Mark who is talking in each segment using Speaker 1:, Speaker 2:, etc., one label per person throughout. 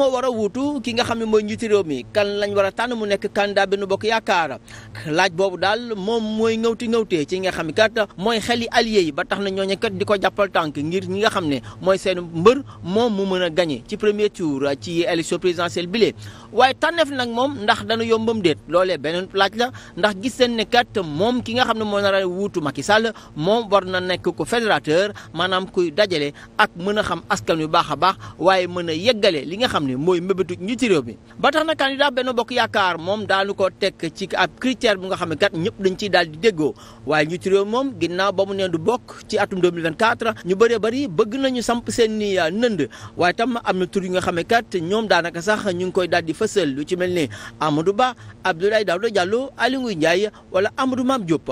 Speaker 1: moo war a wuutu ki nga xam ne mooy njiiti réew mi kan lañ war a tànn mu nekk candidat benn bokk yaakaar laaj boobu daal moom mooy ngawti ngawtee ci nga xam ne kat mooy xel yi allié yi ba tax na ñooñu kat di ko jàppal tànk ngir ñi nga xam ne mooy seen mbër moom mu mën a gagné ci premier tour ci élection présidentielle bile waaye tànneef nag moom ndax dana yombam déet loolee beneen laaj la ndax gis seen ne kat moom ki nga xam ne moo nar a wuutu Macky Sall moom war na nekk ko fédérateur maanaam kuy dajale ak mën a xam askan wi baax a baax waaye mën a yeggale li nga xam ni mooy mbébétu ñi ci réew mi ba tax na candidat benn bokk yaakaar moom daanu ko tekk ci ab critère bu nga xam ne kat ñëpp dañ ciy daal di déggoo waaye ñi ci réew moom ginnaaw ba mu neen du bokk ci atum 2024 ñu bëree bëri bëgg nañu samp seen ni ah, nënd waaye tam am na tur yi nga xam ne kat ñoom daanaka sax ñu ngi koy daal di fësal lu ci mel ni ne Amadou Ba Abdoulaye Daouda Diallo Aly Ngouille Ndiaye wala Amadou Mame Diop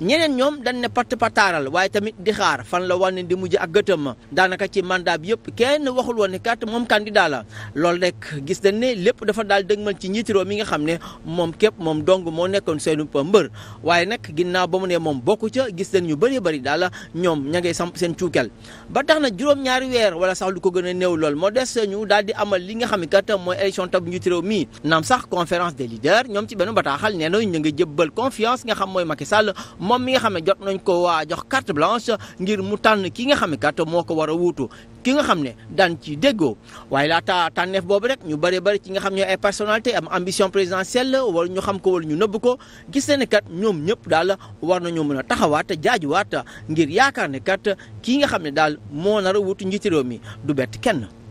Speaker 1: ñeneen ñoom dañ ne patt pataaral waaye tamit di xaar fan la wane di mujj ak gëtëm daanaka ci mandat bi yëpp kenn waxul woon ne kat moom candidat la loolu rek gis dañ ne lépp dafa daal dëgmal ci njiitiroo mi nga xam ne moom képp moom dong moo nekkoon seenu mbër waaye nag ginnaaw ba mu ne moom bokku ca gis dañ ñu bëri bëri daal ñoom ña ngay samp seen cuukel ba tax na juróom-ñaari weer wala sax lu ko gën a néew lool moo des ñu daal di amal li nga xam ne kat mooy élection tab njiitu réew mi ñoom ci benn bataaxal nee nga xam mooy Macky Sall moom mi nga xam ne jot nañ ko waa jox carte blanche ngir mu tànn ki nga xam ne kat moo ko war a wuutu ki nga xam ne daan ci déggoo waaye laata tànneef boobu rek ñu bëree bëri ci nga xam ne ay personnalité am ambition présidentielle wala ñu xam ko wala ñu nëbb ko gis nañ ne kat ñoom ñëpp daal war nañoo mën a taxawaat jaajuwaat ngir yaakaar ne kat kii nga xam ne daal moo nar a wuutu njiiti réew mi du bett kenn.